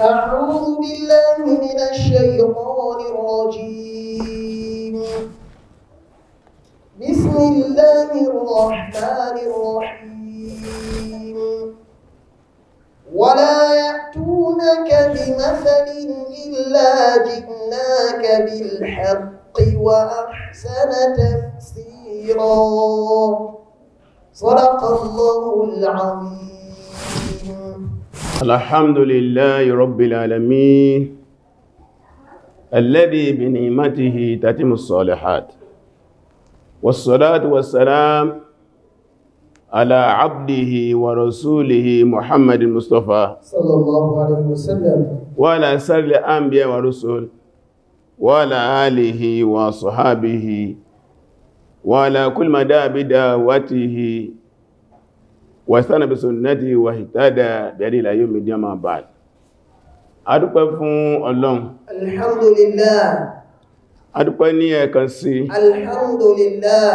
أعوذ بالله من الشيطان الرجيم بسم الله الرحمن الرحيم ولا يأتونك بمثل إلا جئناك بالحق وأحسن تفسيرا صدق الله العظيم الحمد لله رب العالمين الذي بنعمته تتم الصالحات والصلاة والسلام على عبده ورسوله محمد المصطفى صلى الله عليه وسلم وعلى سر الأنبياء والرسل وعلى آله وصحابه وعلى كل مدى بدعوته wàstánà bí sunnati wà hìtádà bẹ̀rẹ̀ ìlàyé mìdíà máa bá adúpẹ́ fún ọlọ́run alhamdulillah adúpẹ́ ní ẹ̀kan sí alhamdulillah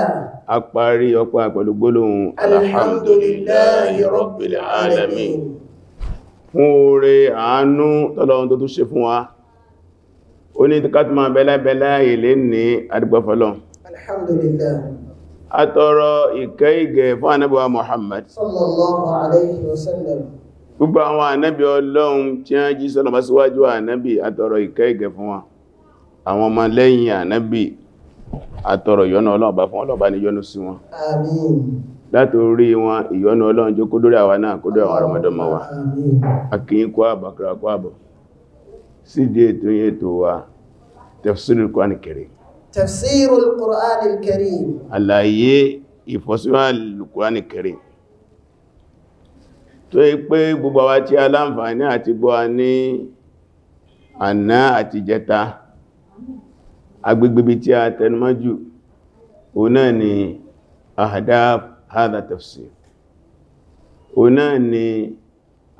àparí ọpá pẹ̀lú gbólóhùn alhamdulillahi rabbil alamin fún oore àánú tọ́lọ́run àtọrọ ìkẹ́ ìgẹ̀ fún ànábì wa Muhammad sallallahu alayhi wa sallam gbogbo àwọn ànábì ọlọ́run tí a jí sọ́nà bá síwájú ànábì àtọrọ ìkẹ́ ìgẹ̀ fún wa àwọn ọmọ lẹ́yìn ànábì àtọrọ ìyọ́nà ọlọ́run bá fún ọlọ́run bá ní yọ́nú sí wọn àmín látorí wọn ìyọ́nú ọlọ́run jó kó dórí àwa náà kó dórí tafsirul Qur'anil Karim àlàyé ìfọ́síwá Qur'anil Karim tó yí pé gbogbo wa tí aláǹfààní àti gbọ́ ní àná àti jẹta agbègbèbí tí a tẹnumọ́jú òun náà ni ahadab hadha tafsir òun náà ni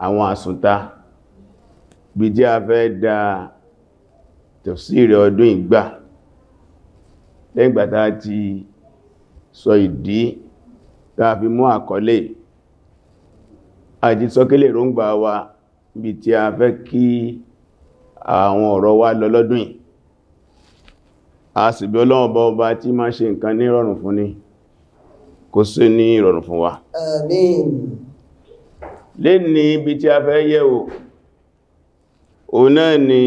àwọn àsùntà bí jẹ́ afẹ́ da tafsir ọdún ìgbà lẹ́gbàtà ti sọ ìdí tàà fi mú àkọlé àti sọkílẹ̀ rọ́ngbà wa bí tí a fẹ́ kí àwọn ọ̀rọ̀ wa lọ lọ́dún yìí a sì bí ọlọ́wọ́ bá ọba tí máa ṣe nǹkan ní ìrọ̀rùn fún ni kó sí ní ìrọ̀rùn fún wa àmín ibi tí a fẹ́ yẹ̀wò òun náà ni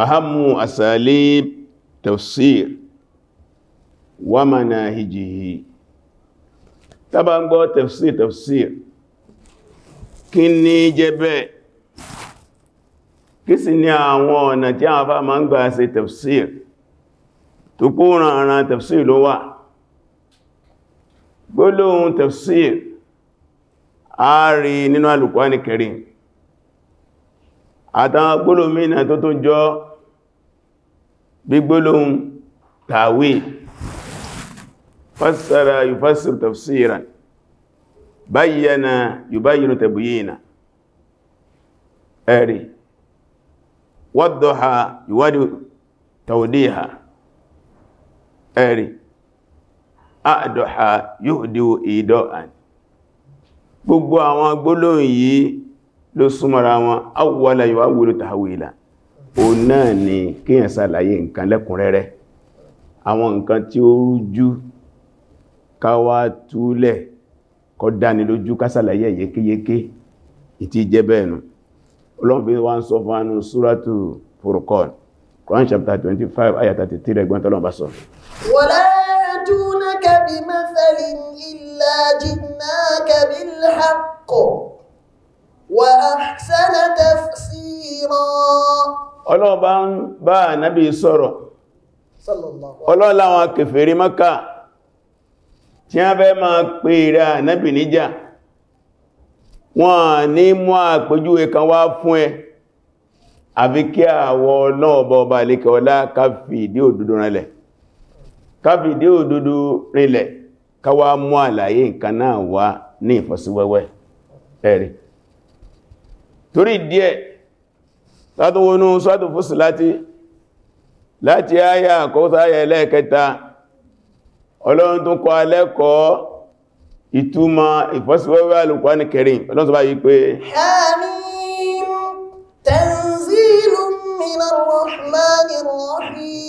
ahamu asalib tafsir wa manahijihi tàbá ń gbọ́ tafsir tafsir kí ní jẹ́ bẹ́ẹ̀ kí sì ní àwọn ọ̀nà tí àwọn afá ma ń gbà ṣe tafsir tó pòrán ara tafsir ló wà gbólóhùn tafsir a rí nínú al àtàwọn gbólóhùn tó tó jọ gbígbólóhun tàwí fassara yufassir tafsiran bayyana yubayyinu tabyina ẹ̀rì waddaha yuwaddihu tawdiha ẹ̀rì àdọ̀ha yuhdihu ìdọ́àn gbogbo àwọn gbólóhùn yìí ló súnmọ́ra wọn awwala yuwawwilu tahwila o náà ni kíyàn ṣàlàyé nǹkan lẹ́kùnrẹ́rẹ́ àwọn nǹkan tí ó rújú káwà túlẹ̀ kọ́ dáni lójú ká ṣàlàyé yékéyéké ìtí jẹ́ bẹ́ẹ̀nu olóòfin wá ń sọ fún anú súrátù Furqan Quran chapter five ayat 33 ẹgbọ́n tọ́lọ́mbà sọ wala yatunaka bimathalin illa jinnaka bilhaqq wa ahsana tafsira ọlọ́run bá ń bá ànábì sọ̀rọ̀ ọlọ́run láwọn kèfèrí Mákà tí a fẹ́ máa pè rẹ̀ ànábì níjà wọ́n ní mú àpèjúwe kan wá fún ẹ àfi kí àwọ náà bọba lékẹ̀ ọlá káfì ìdí òdodo rinlẹ̀ káfì ìdí òdodo rinlẹ̀ káwàá mú àlàyé nǹkan náà wá ní ìfọ́síwẹ́wẹ́ ẹ̀rẹ̀ torí díẹ̀ látúnwọnú sọ́tún fúsù láti láti ayá àkọ́ta ayá ẹlẹ́ẹ̀kẹta ọlọ́run tún kọ́ alẹ́kọ́ ìtumọ̀ ìfọ́síwẹ́wẹ́ alùkwáni kẹrin ọlọ́run tó bá yí pé Hamim tanzilun minar rahmanir rahim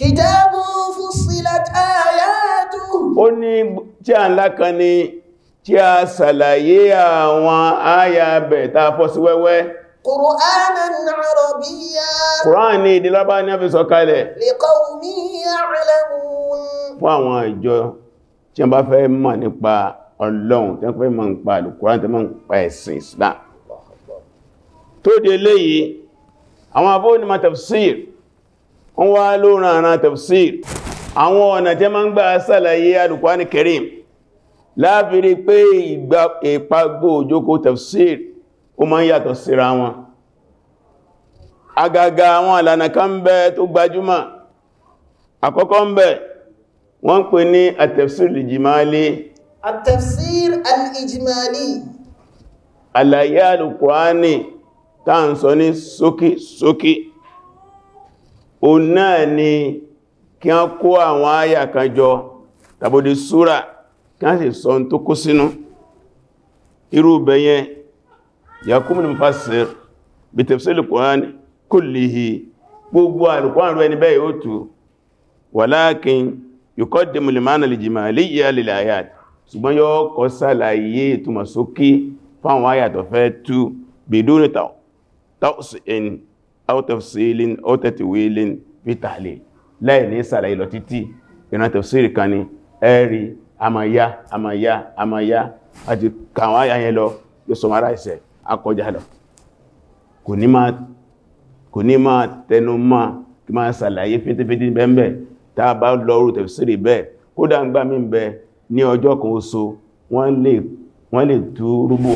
kìtàbù fussilat ayatuhu ó ní tí a ńlá kan ni tí a sàlàyé àwọn àyà bẹ̀ ta fọ́ sí wẹ́wẹ́ Qur'anan Arabiyya Qur'an ní èdè Lárúbáwá ni a fi sọ̀kalẹ̀ li qawmin ya'lamun fún àwọn ìjọ tí a bá fẹ́ mọ̀ nípa Ọlọ́run tí a fẹ́ mọ̀ nípa al tí a mọ̀ nípa ẹ̀sìn Islam tó dé léyìí àwọn afọ́ ni ma tafsir wọ́n wá lóòrùn àrán tafsir àwọn ọ̀nà jẹ́ máa ń gbà sàlàyé Al-Qur'ani láàbìrí pé ìgbà ìpagbó òjókó tafsir ó máa ń yàtọ̀ síra wọn agaga àwọn àlànà kan bẹ tó gbajúmọ̀ àkọ́kọ́ ń wọ́n pè ní tafsir tafsir àlàyé ń sọ ní o náà ni kí wọ́n kó àwọn àyà kan jọ tàbí súra kí wọ́n sì sọ tó kó sínú irú bẹ̀yẹn yakumul mufassir bí tafsir al-Qur'an kullihi gbogbo al-Qur'an rẹ̀ bẹ́ẹ̀ ó tù walakin yuqaddimu al-ma'na out of ceiling out of the wheeling vitale láì ní sàlàyé lọ títí ìran tafsiri kan ni ẹ̀rí àmàyá àmàyá àmàyá àti kàwọn àyà yẹn lọ yóò sọmọ́ra ìṣẹ́ akọjá lọ kò ní máa tẹnu máa kí máa sàlàyé fítífítí bẹ́ẹ̀ tá a bá lọ́rù tafsiri bẹ́ẹ̀ kódà ń gbá mí bẹ ní ọjọ́ kan oṣù wọ́n lè tú rúbò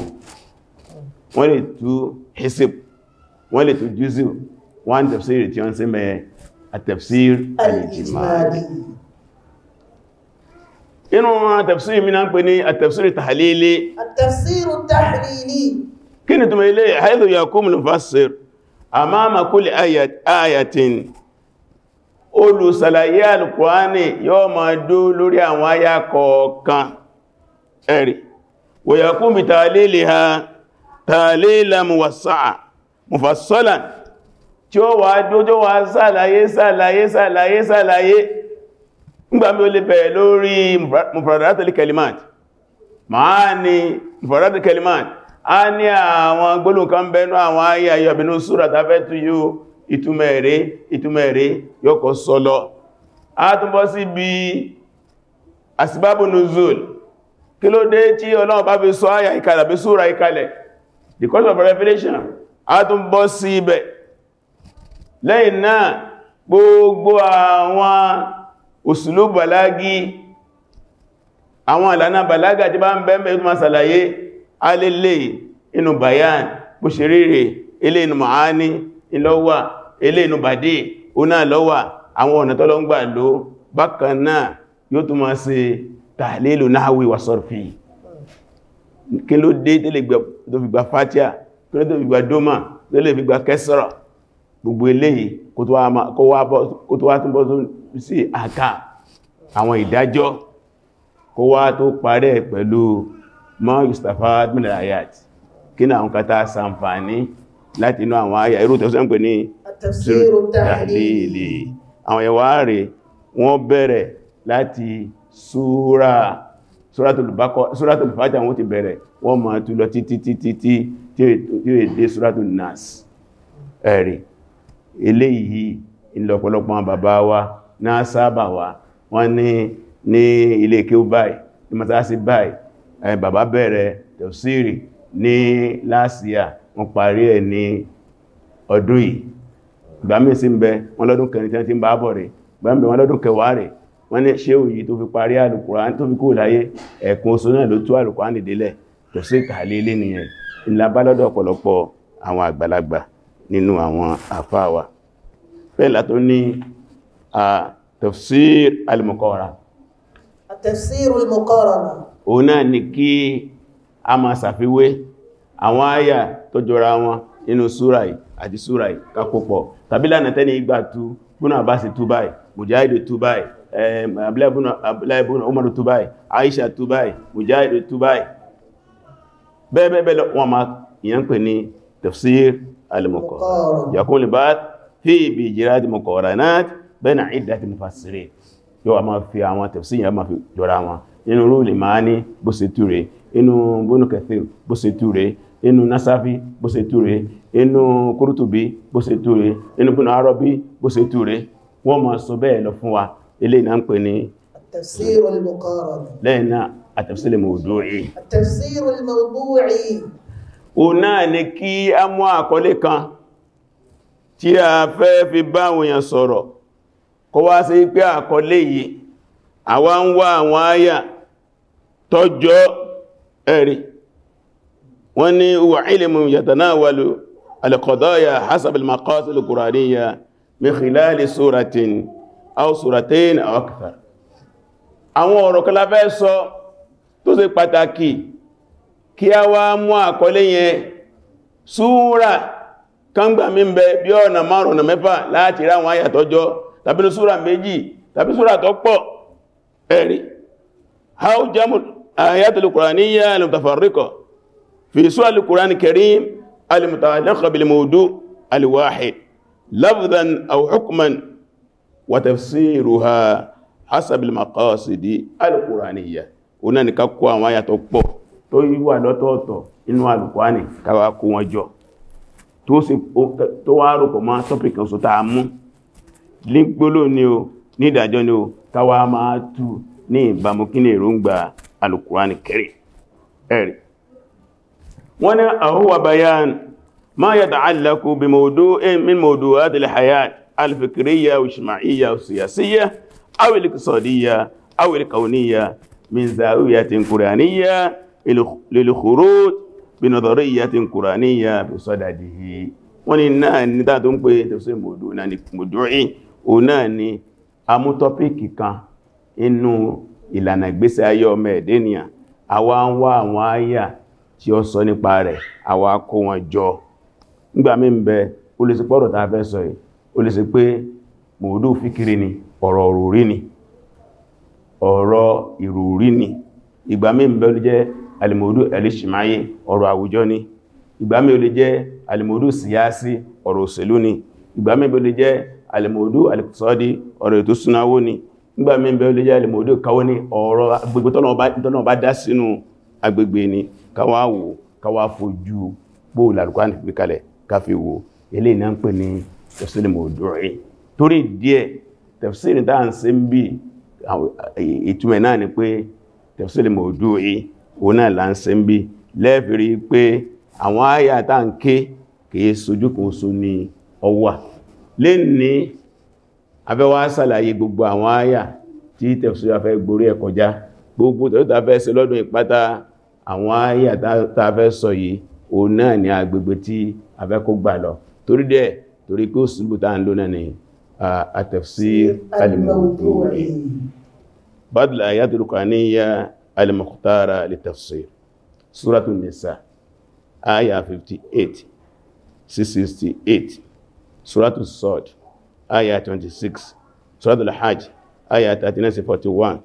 wọ́n lè tú hisip wọ́n lè tó jùzù wọ́n tafsir tí wọ́n sí mẹ́ àtafsir al-ijmali inú àtafsir mi náà pè ní àtafsir tahlili àtafsir tahlili kí ni túnmọ̀ ilé haythu yakumul mufassir amama kulli ayatin olùsàlàyé alùkùránì yóò ma dó lórí àwọn àyà kọ̀ọ̀kan ẹ̀rì wa yakumu ta'lilaha ta'lilan muwassa'a mọ̀fàsọ́là tí ó wà dójó wà sàlàyé sàlàyé sàlàyé sàlàyé ngbàmí ó lè bẹ̀rẹ̀ lórí mufradatul kalimat a ni mufradatul kalimat a ní àwọn gbólókan bẹnu àwọn ayé ayọ̀bìnú súra tafẹ́ tú yóò ìtumẹ̀rẹ́ ìtumẹ̀rẹ́ yọkọ̀ sọlọ a nuzul of revelation a tún bọ́ sí ibẹ̀ lẹ́yìn náà gbogbo àwọn òsùlú bàlágí àwọn ìlànà bàlágà tí bá ń bẹ́ẹ̀mẹ́ tó máa sàlàyé alélẹ̀ inú bayan bó ṣe ríre ilé inú ma'ani ìlọ́wà ilé inú bàdé oná lọ́wà àwọn ọ̀nà tọ́lọ ló bákan náà yóò tún máa ṣe tàhálélù náhwí wa sọ́rfì kí ló dé tẹ́lẹ̀ tó fi kẹ́lẹ́tẹ̀ fi gba dómà lẹ́lẹ́ fi gba kẹsàrà gbogbo eléyìí kó tó wá tún bọ́ sí àká àwọn ìdájọ́ kó wá tó parẹ́ pẹ̀lú mọ́ yustafa minal ayat kí ní àwọn kata sàǹfàní láti inú àwọn àyà irú tẹ̀sán pè ní tafsiru tahlili àwọn ẹ̀wà rẹ̀ wọ́n bẹ̀rẹ̀ súra súratul Baqara súratul ti bẹ̀rẹ̀ wọ́n ma tú lọ títí títí tí ó èdè ṣúrátù nas ẹ̀rì eléyìí ìlọ̀pọ̀lọpọ̀ bàbá wa náà sábà wa wọ́n ní ní ilé kí ó báyìí ní mọ́sálásí báyìí bàbá bẹ̀rẹ̀ tẹ̀síìrì ní láàsíà wọ́n parí ẹ̀ ní ọdún yìí gbàmí sí ń bẹ wọ́n lọ́dún kẹrin tí ń bá bọ̀ rẹ̀ gbàmí wọ́n lọ́dún kẹwàá rẹ̀ wọ́n ní ṣe òyí tó fi parí alùkùrán tó fi kó láyé ẹ̀kùn oṣù náà ló tú alùkùrán nìdélẹ̀ tẹ̀sí ìtàlélé nìyẹn ìlàbálọ́dọ̀ ọ̀pọ̀lọpọ̀ àwọn àgbàlagbà nínú àwọn àfáàwà pẹ́lá tó ní a tafsir al-muqarana at-tafsir al-muqarana òun náà ni kí a máa ṣàfiwé àwọn àyà tó jọra wọn nínú súra àti súra kakópọ̀ tàbí lánàá tẹ́ni ìgbà tú búnà bá sì tú báyìí mùjáìdì tú báyìí umaru tú aisha tú báyìí mùjáìdì bẹ́ẹ̀bẹ́ẹ̀ lọ wọn ma ìyàn pè ní tafsir al-muqarran yakun lè bá fi ibi ìjìrá di muqarranat bẹ́ẹ̀nà ìdá ti mufassiri yóò ma fi àwọn tafsir yà ma fi jọra wọn inú Ruhul Maani bó ṣe túre inú Ibn Kathir bó ṣe túre inú Nasafi bó ṣe túre inú Qurtubi bó ṣe túre inú Ibn Arabi bó ṣe túre wọ́n ma sọ bẹ́ẹ̀ lọ fún wa eléyìí náà ń pè ní tafsir al-muqarran lẹ́yìn náà àtẹ̀fẹ́sílì mọ̀dúrí àtẹ̀fẹ́sílì mọ̀dúrí o náà ni kí a mú àkọlé kan tí a fẹ́ fi bá wòyàn sọ̀rọ̀ kó wá sí pé àkọlé yìí àwa ń wá àwọn àyà tọ́jọ́ ẹ̀rí wọ́n ní wà ilmu yatanawalu alqadaya hasab almaqasid alquraniyya min khilali suratin aw suratain aw akthar àwọn ọ̀rọ̀ kan la fẹ́ sọ so, tó ṣe pàtàkì kí a wá mú àkọlé yẹn súúrà kángbà mí ń bẹ bí ọ̀nà márùn ún mẹ́fà láti rá àwọn àyàtọ́jọ́ tàbí ní súúrà méjì tàbí súúrà tó pọ̀ ẹ̀rí how jamul ayatul qur'aniyya al-mutafarriqa fi suwal qur'an hukman wa tafsiruha hasab al-maqasidi al-qur'aniyya ó náà nìkan kó àwọn àyàtọ̀ pọ̀ tó wà lọ́tọ̀ọ̀tọ̀ inú alùkwáni káwà kó wọn jọ tó wá rọ̀pọ̀ máa topic kan ta mú ní gbóló ni o ní ìdájọ́ ni o káwà máa tú ní ìbámu kí ní èròǹgbà alùkwáni kẹrì ẹ̀rì wọ́n ní àhúwà bayan ma yata'allaqu bi mawdu'in min mawdu'at al-hayat al-fikriyya wa ijtimaiyya wa min zawiyatin quraniyya lil khuruj bi nadariyatin quraniyya bi sadadihi wọ́n ní náà ní tàà tó ń pè tẹ̀sí mọ̀dúnrin o náà ni amútọ́píkì kan inú ìlànà ìgbésẹ̀ ayé ọmọ ẹ̀dẹ́nìyàn àwa ń wá àwọn àyà tí ó sọ nípa rẹ̀ àwa kó wọn jọ nígbà mí ń bẹ olùsìpọ̀rọ̀ tàà fẹ́ sọ yìí olùsìpé mọ̀dún fíkiri ni ọ̀rọ̀ òrùrí ni ọ̀rọ̀ ìròrí ni ìgbà míì bẹ́ lè jẹ́ alìmòdú ẹ̀lẹ́ṣìmáyé ọ̀rọ̀ àwùjọ ni ìgbà míì lè jẹ́ alìmòdú síyásí ọ̀rọ̀ òṣèlú ni ìgbà bẹ́ lè jẹ́ alìmòdú ọ̀rọ̀ ètò ni ìgbà bẹ́ lè jẹ́ alìmòdú ni ọ̀rọ̀ agbègbè tọ́nà bá dá ni ní torí díẹ̀ ìtumẹ̀ náà ni pé tẹ̀fẹ́sílẹ̀ mọ̀ọ́dú rí òun náà là ń ṣe ń bí lẹ́fìrí pé àwọn àyà tá ń ké kìí sojú kan so ní ọwà lè ní afẹ́wà sàlàyé gbogbo àwọn àyà tí tẹ̀fẹ́sílẹ̀ afẹ́ gborí ẹ̀ kọjá gbogbo tẹ̀lọ́ta fẹ́ ṣe lọ́dún ni agbègbè tí afẹ́ kó gbà lọ torí التفسير الموضوعي بعض الآيات القرآنية المختارة للتفسير سورة النساء آية 58 668 سورة الصاد آية 26 سورة الحج آية 39-41 سورة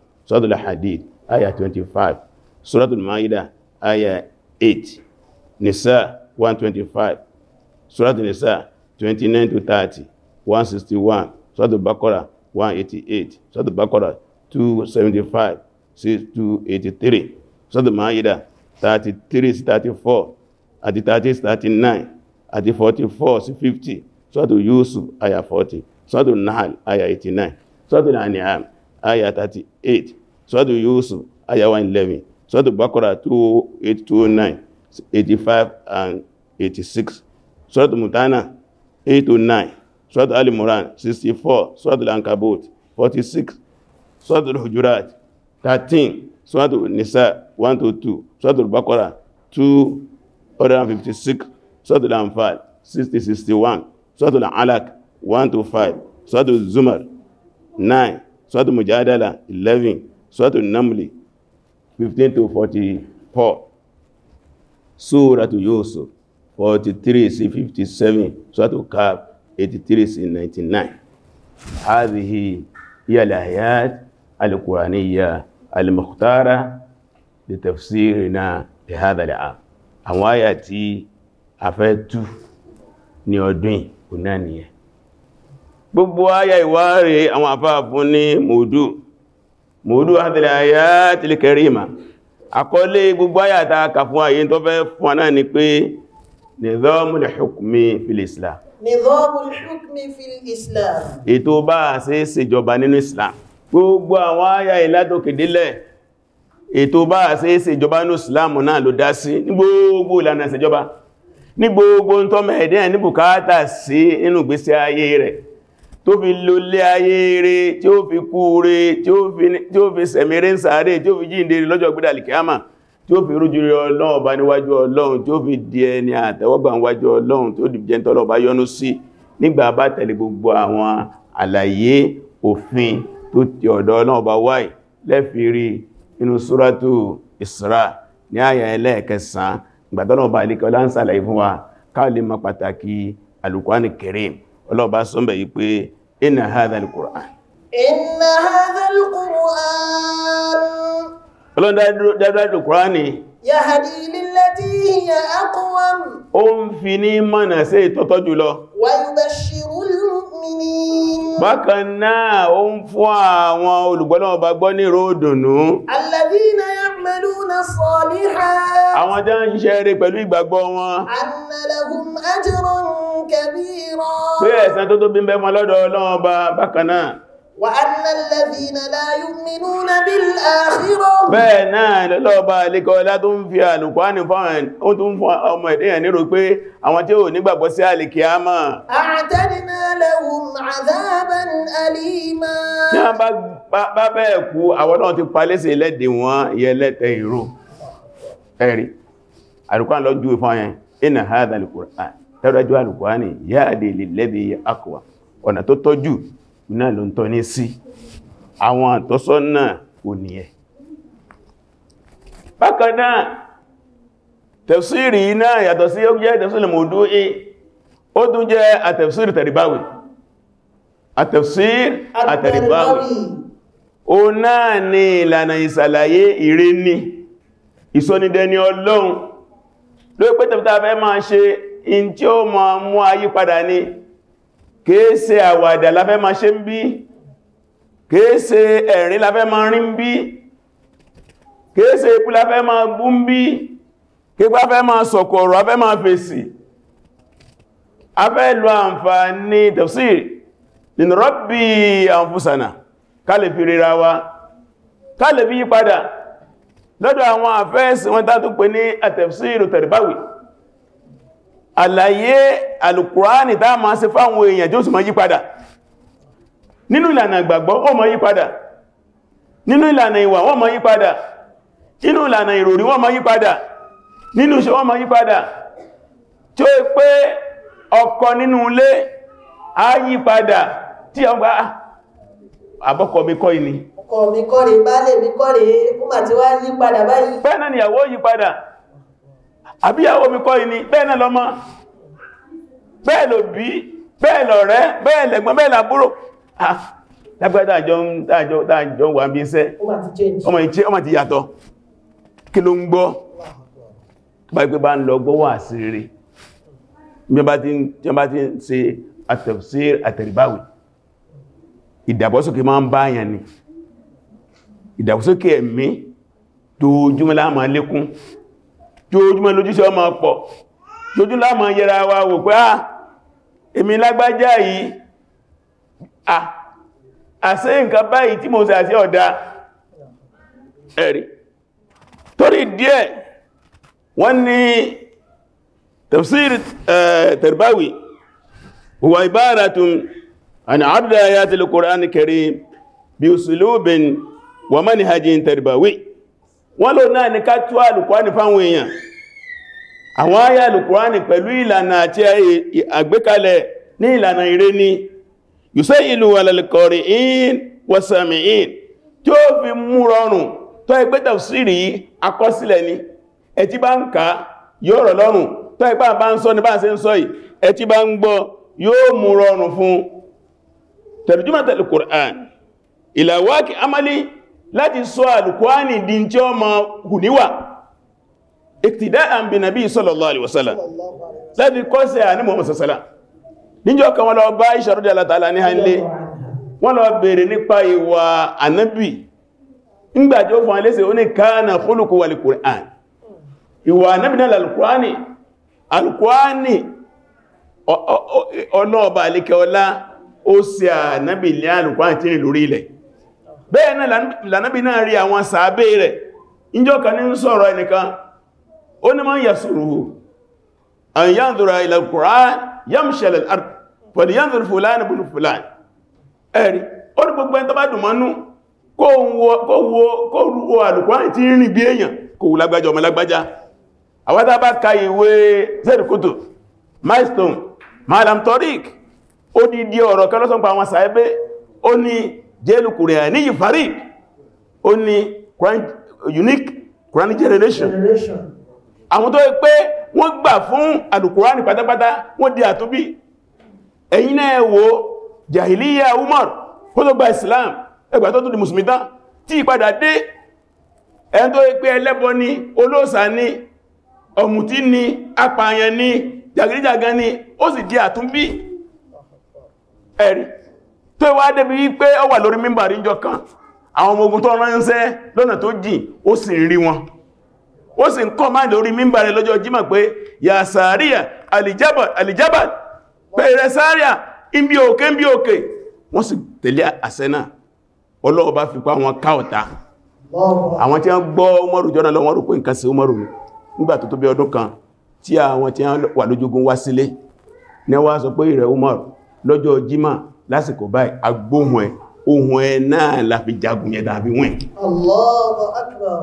الحديد آية 25 سورة المائدة آية 8 نساء 125 سورة النساء 29-30 161 sọ́tò bákọ́rà 188 sọ́tò bákọ́rà 275 sí 283 sọ́tò máyídà 33 sí 34 àti 38 sí 39 àti 44 sí 50 sọ́tò Yusuf àyà 40 sọ́tò Nahl àyà 89 sọ́tò Al-An'am àyà 38 sọ́tò Yusuf àyà 111 sọ́tò bákọ́rà 2829 85 and 86 sọ́tò mutana 809 surat al-imran 64 surat al-ankabut 46 surat al-hujurat 13 surat al-nisa 1-2 to surat al-baqara 256 surat al-anfal 60-61 surat al-alaq 1-5 surat al-zumar 9 surat al-mujadala 11 surat al-namli 15-44 surat al-yusuf 43-57 to surat al-kab 83 sí 99 هذه هي الآيات القرآنية المختارة لتفسيرنا لهذا العام àwọn àyà tí a fẹ́ tú ní ọdún ìkùnà nìyẹn gbogbo àyà ìwárí àwọn àfáà fún ní mòdú mòdú àtìlẹ̀ àyà tìlẹ̀ kẹrìmà àkọlé gbogbo àyà ta fún àyè fún náà ni pé nìzọ́mù lè hukmi fil Islam nizamul hukmi fil islam ètò bá ṣe ṣèjọba nínú islam gbogbo àwọn àyà ìlátòkèdélẹ̀ ètò bá ṣe ṣèjọba nínú islam náà ló dá sí ní gbogbo ìlànà ìṣèjọba ní gbogbo ń tọ́mọ̀ ẹ̀dẹ́ ní bùkátà sí inú gbésí ayé rẹ̀ tó fi lo lé ayé rẹ̀ tí ó fi kú rẹ̀ tí ó fi sẹ̀mẹ̀rẹ̀ ń sàárẹ̀ tí ó fi jíǹde lọ́jọ́ gbídàlì kìámà tí ó fi rújú rí ọlọ́run bá níwájú ọlọ́run tí ó fi di ẹni àtẹ́wọ́gbà níwájú ọlọ́run tí ó di jẹ́ tọ́lọ̀ bá yọ́nú sí nígbà bá tẹ̀lé gbogbo àwọn àlàyé òfin tó ti ọ̀dọ̀ ọlọ́run bá wáyé lẹ́fìrí inú súrátù Isra ní àyà ẹlẹ́ẹ̀kẹsàn gbàtọ́lọ̀ bá ilé kọlá ń sàlàyé ọlọ́run dájúdájú kùránì yàhàdì ilẹ̀ tí yà ákọwàm ó ń fi ní mọ̀nà sí ìtọ́tọ́ jùlọ bákan náà ó ń fún àwọn olùgbọ́lọ́wọ́ bá gbọ́ ní ròdùnú alladhina ya'maluna salihan àwọn jẹ́ ń ṣiṣẹ́ rere pẹ̀lú ìgbàgbọ́ wọn anna lahum ajran kabira pé ẹ̀san tó tó bí ń bẹ mọ́ lọ́dọ̀ ọlọ́wọ́ bá bẹ́ẹ̀ náà lọ́lọ́ọ̀bá alẹ́kọ́ ọlá tó ń fi àlùkwáni fáwọn ó tún fún ọmọ ẹ̀dẹ́yàn nírò pé àwọn tí ó nígbàgbọ́ sí àlìkíyàmá a'tadna lahum 'adhaban alima tí a bá bẹ́ẹ̀ kú àwọn náà ti palẹ́sẹ̀ lẹ́dẹ̀ wọn yẹlẹ́tẹ̀ ìró ẹ̀rí àlùkwáni lọ́jú ìfọ́yẹn inna hadha al náà ló ń tọ́ ní sí àwọn àtọ́sọ́nà ò nìyẹn bákan náà tẹ̀fsìrì náà yàtọ̀ sí ó jẹ́ tẹ̀fsìrì mawdu'i ó tún jẹ́ àtẹ̀fsìrì tẹ̀rìbáwì àtẹ̀fsìrì àtẹ̀rìbáwì ó náà ni ìlànà ìsàlàyé ìrí ní ìsọnidẹni ọlọ́run ló pẹ́ tẹ̀fẹ́ máa ṣe in kéèsè àwàdà láfẹ́ ma ṣe ń bí kéèsè ẹ̀rin láfẹ́ ma rí ń bí kéèsè ikú láfẹ́ ma bú ń bí kípa fẹ́ ma sọ̀kọ̀rọ̀ afẹ́ ma fèsì afẹ́ lọ àǹfààní tafsir min rabbi anfusana kálẹ̀ fi ríra wa kálẹ̀ fi yípadà lọ́dọ̀ àwọn àfẹ́ẹ̀sì wọ́n tàbí pè ní àtafsiru tarbawi àlàyé alùkùránì tá máa ṣe fáwọn èèyàn tí ó sì máa yípadà nínú ìlànà ìgbàgbọ́ wọ́n máa yípadà nínú ìlànà ìwà wọ́n máa yípadà nínú ìlànà ìròrí wọ́n máa yípadà nínú iṣẹ́ wọ́n máa yípadà tí ó pé ọkọ nínú ilé á yípadà tí a gbá ah, àbọ́kọ mi kọ́ ìní ọkọ mi kọ́ rẹ̀ àbíyàwó mi kọ́ ìní bẹ́ẹ̀ náà lọ́mọ bẹ́ẹ̀ lò bí bẹ́ẹ̀ lọ rẹ́ bẹ́ẹ̀ lẹ̀gbọ́n bẹ́ẹ̀ làbúrò lágbàdà àjọ wà bí iṣẹ́ ọmọ ìṣẹ́ ọmọ ti yàtọ̀ kí ló ń gbọ́ bá gbé bá ń lọ gbọ́wọ́ àṣírí bí bá ti ń ṣe àtafsir àtẹ̀ríbáwì ìdàbọ̀sókè máa ń báyàn ni ìdàbọ̀sókè ẹ̀mí tó jùmọ́lá máa lékún jojúmọ́ lójúṣe ọmọ pọ̀ jojú láàmọ̀ yẹra wa wò pé ah èmi lágbájá yìí ah àṣẹ nǹkan báyìí tí mo ṣe àṣẹ ọ̀dá ẹ̀rí torí díẹ̀ wọ́n ní tafsir eh, tarbawi huwa ibaratun an abda ayatul qur'an karim bi usulubin wa manhajin tarbawi wọ́n lò náà ní ká tú alùkùránì fáwọn èèyàn àwọn ayé alùkùránì pẹ̀lú ìlànà àti àgbékalẹ̀ ní ìlànà ire ni yùsẹ́ ìlú alẹ́lẹ́kọ̀ọ́rì in wọ́sàmì in tí ó fi mú rọrùn tó ẹgbẹ́ tafsiri akọsílẹ̀ ni ẹtí bá ń ká yóò rọ̀ lọ́rùn tó láti sọ alùkwáni di tí ó mọ̀ hùníwà iktida'an bi nabi sallallahu alaihi wasallam láti kọ́sẹ̀ àní Muhammad sasala níjọ́ kan wọ́n lọ bá Aisha radiyallahu ta'ala ní hanlé wọ́n lọ bèèrè nípa ìwà ànábì ńgbàjọ́ fún alẹ́sẹ̀ ó ní kana khuluqu wal Qur'an ìwà ànábì náà alùkwáni alùkwáni ọlọ́ọ̀bà alìkẹ́ bẹ́ẹ̀ náà lànábì náà rí àwọn sàábé rẹ̀ ìjọ kan ní sọ̀rọ̀ ẹnìkan ó ní mọ́ yasuruhu an yanzura ila al-Qur'an yamshi ala al-ard fal yanzur fulan ibn fulan ẹ̀rí ó ní gbogbo ẹn tó bá dùnmọ́nú kó wo alùkùránì tí rìn bí èèyàn kò milestone malam tariq ó ní di ọ̀rọ̀ kan lọ́sọ́npa àwọn sàábé ó ní jẹ́lù kùrẹ̀ ní ìfàrí ó ní unique Quranic generation àwọn tó pé wọ́n gbà fún alùkùránì pátápátá wọ́n di àtúbí ẹ̀yin náà wo jahiliya Umar kó tó gba Islam ẹgbà tó tó di musulmi tán tí ìpadà dé ẹn tó pé ẹlẹ́bọ ni olóòsà ni ọ̀mùtí ni apààyàn ni jàgídíjàgan ni ó sì di àtúnbí ẹ̀rì tó ìwá débi wípé ó wà lórí mímbàrí jọ kan àwọn ọmọ ogun tó ránṣẹ́ lọ́nà tó jìn ó sì rí wọn ó sì ń kọ́ máa lórí mímbàrí lọ́jọ́ jímọ̀ pé yà sàárìyà alìjábà pẹ̀rẹ̀ sàárìyà ibi òkè ibi òkè wọ́n sì tẹ̀lé àṣẹ náà ọlọ́ọ̀bá fi pa wọn ká àwọn tí wọ́n gbọ́ Umaru jọ́nà lọ lásìkò báyìí agbóhun ẹ̀ ohun ẹ̀ náà la fi jagun yẹn dàbí wọ́n Allahu Akbar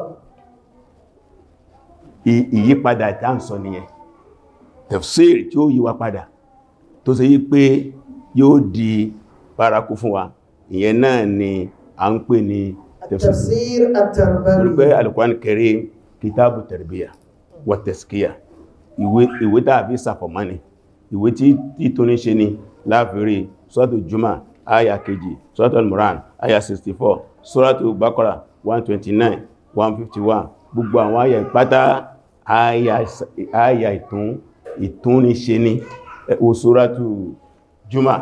ìyípadà ìtànsọ nìyẹn tẹ̀fṣíìrì tí ó yíwa padà tó ṣe yí pé yóò di bárakú fún wa ìyẹn náà ni a ń pè ní tẹ̀fṣíìrì àtàrbáwí Al-Qur'an Karim kìtàbù tẹ̀rbíyà wà ìwé tàbí sàfọ̀mọ́ni ìwé tí tó ṣe ni láàfírí suratu juma aya kejì suratu al-muran aya 64 suratu bakara 129 151 gbogbo àwọn aya ìpátá aya ìtún ìtúnni ṣe ní òsúrátù juma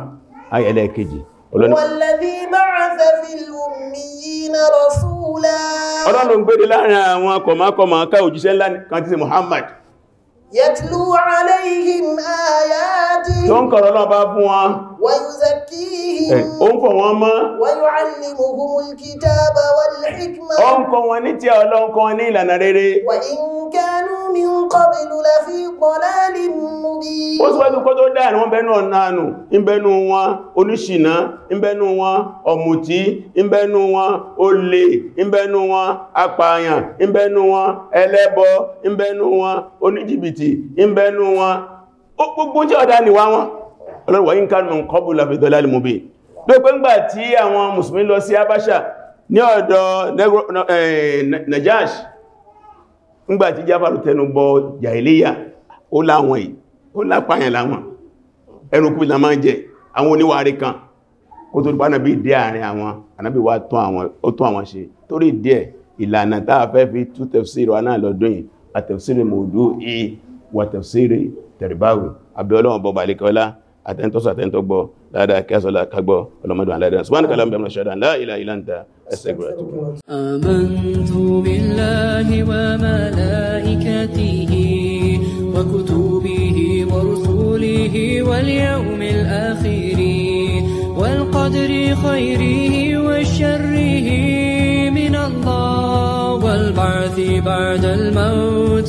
aya ẹlẹ́ẹ̀kejì Wàlàbí máa fẹ́ láàrin àwọn kọ̀mákọ̀má òjíṣẹ́ ńlá kan tí ṣe Muhammad yẹtìlú aláìhìn àyàtì tó ń kọ̀rọ̀ náà bá fún wọn wọ́yú zaki ó ń fọ̀ wọn mọ́ wọ́yú alìmùhùmùl kìtàbà wal hikma min qablu lafi dalalin mubin ó sì wájú kọ́ tó dáà ní wọ́n bẹ́nu ọ̀nàánù ìbẹ́nu wọn oníṣìná ìbẹ́nu wọn ọ̀mùtí ìbẹ́nu wọn olè ìbẹ́nu wọn apààyàn ìbẹ́nu wọn ẹlẹ́bọ ìbẹ́nu wọn oníjìbìtì ìbẹ́nu wọn ó gbogbo jẹ́ ọ̀dá nìwá wọn ọlọ́wọ́ yí ń kánù qablu nígbàtí jáfàrù tẹnu bọ jàìléyà ó láwọn yìí ó lápáyàn láwọn ẹnukú la máa ń jẹ àwọn oníwàárí kan kó tó dùpánà bí dé àárín àwọn ànábì wá tún àwọn ṣe torí díẹ̀ ìlànà tàà fẹ́ fi tú tẹ̀fsìrì wa náà lọ́dún yìí àtẹ̀fsìrì mọ̀ọ́dú ì wà tẹ̀fsìrì tẹ̀rìbáwì abẹ́ọ́lọ́wọ̀n bọ̀bàlẹ́kọ́lá àtẹ́ntọ́sọ àtẹ́ntọ́ gbọ́ dáadáa kí asọ́lá kagbọ́ ọlọ́mọdún aláìdá subhanaka allahumma bihamdika ashhadu an la ilaha illa anta astaghfiruka wa atubu ilayk amantu billahi wa malaikatihi wa kutubihi wa rusulihi wal yawmil akhir wal qadri khayrihi wa sharrihi min Allah wal ba'thi ba'da al maut